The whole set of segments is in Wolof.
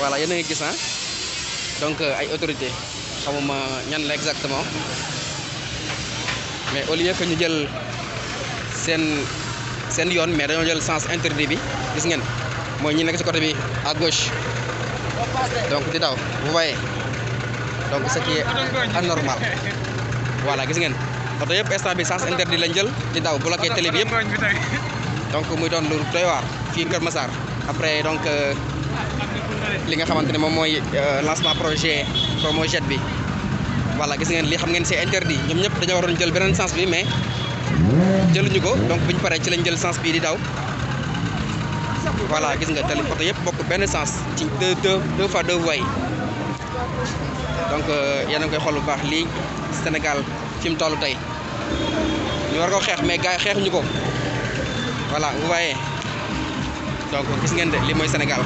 voilà yéen a ngi gis ah donc euh, ay autorité xamuma ñan la exactement mais au lieu que ñu jël seen seen yoon mais dañoo jël sens interdit bi gis ngeen mooy ñu nekk ci côté bi à gauche donc di daw vous voyez donc ce qui est anormal voilà gis ngeen oto yëpp instant bi sens interdit lañ jël di daw bloqué télé bi yëpp donc muy doon lu doy waar fii Kër Massar après donc. Euh, li nga xamantene mom moy euh, lancement projet promo jet bi wala gis ngeen li xam ngeen c'est interdit ñom ñep dañu waroon jël benen sens bi mais jëluñu ko donc buñu paré ci lañ jël sens bi di daw wala gis nga tali photo yep bokk benn sens ci deux deux deux fois deux voies donc euh, yéen nga koy xol bu baax li Sénégal fi mu toll tey ñu war ko xex mais gaay xexuñu ko wala vous voyez donc gis ngeen de li moy Sénégal.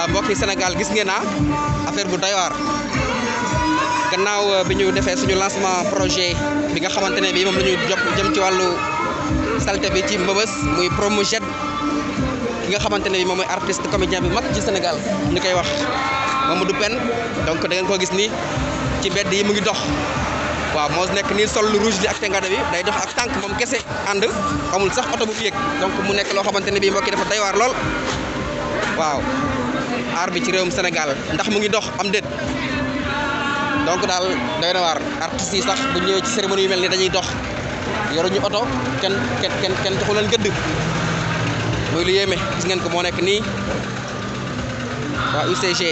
wala mbokk yi Sénégal gis ngeen na ah, affaire bu doy war gannaaw euh, bi ñu defee suñu lancement projet bi nga xamantene bi mom lañu jox jëm ci walu salté bi ci mbeubes muy promo jet ki nga xamantene bi mom moom artiste comédien bi mag ci Sénégal ni koy wax Mamadou pen donc da ngeen ko gis ni ci mbedd yi mu ngi dox waaw moo nekk ni sol rouge di ak tengada bi day dox ak tank mom kese and amul sax auto bu fi yek donc mu nekk lo xamantene bi mbokk dafa doy war lol waaw aar bi ci réewum Sénégal ndax mu ngi dox am déet donc daal doy na waar artistes yi sax bu ñëwee ci cérémonie yu mel ni dañuy dox yoruñu oto kenn kenn kenn kenn taxu leen gëdd muy lu yéeme gis ngeen ko moo nekk nii waa UCG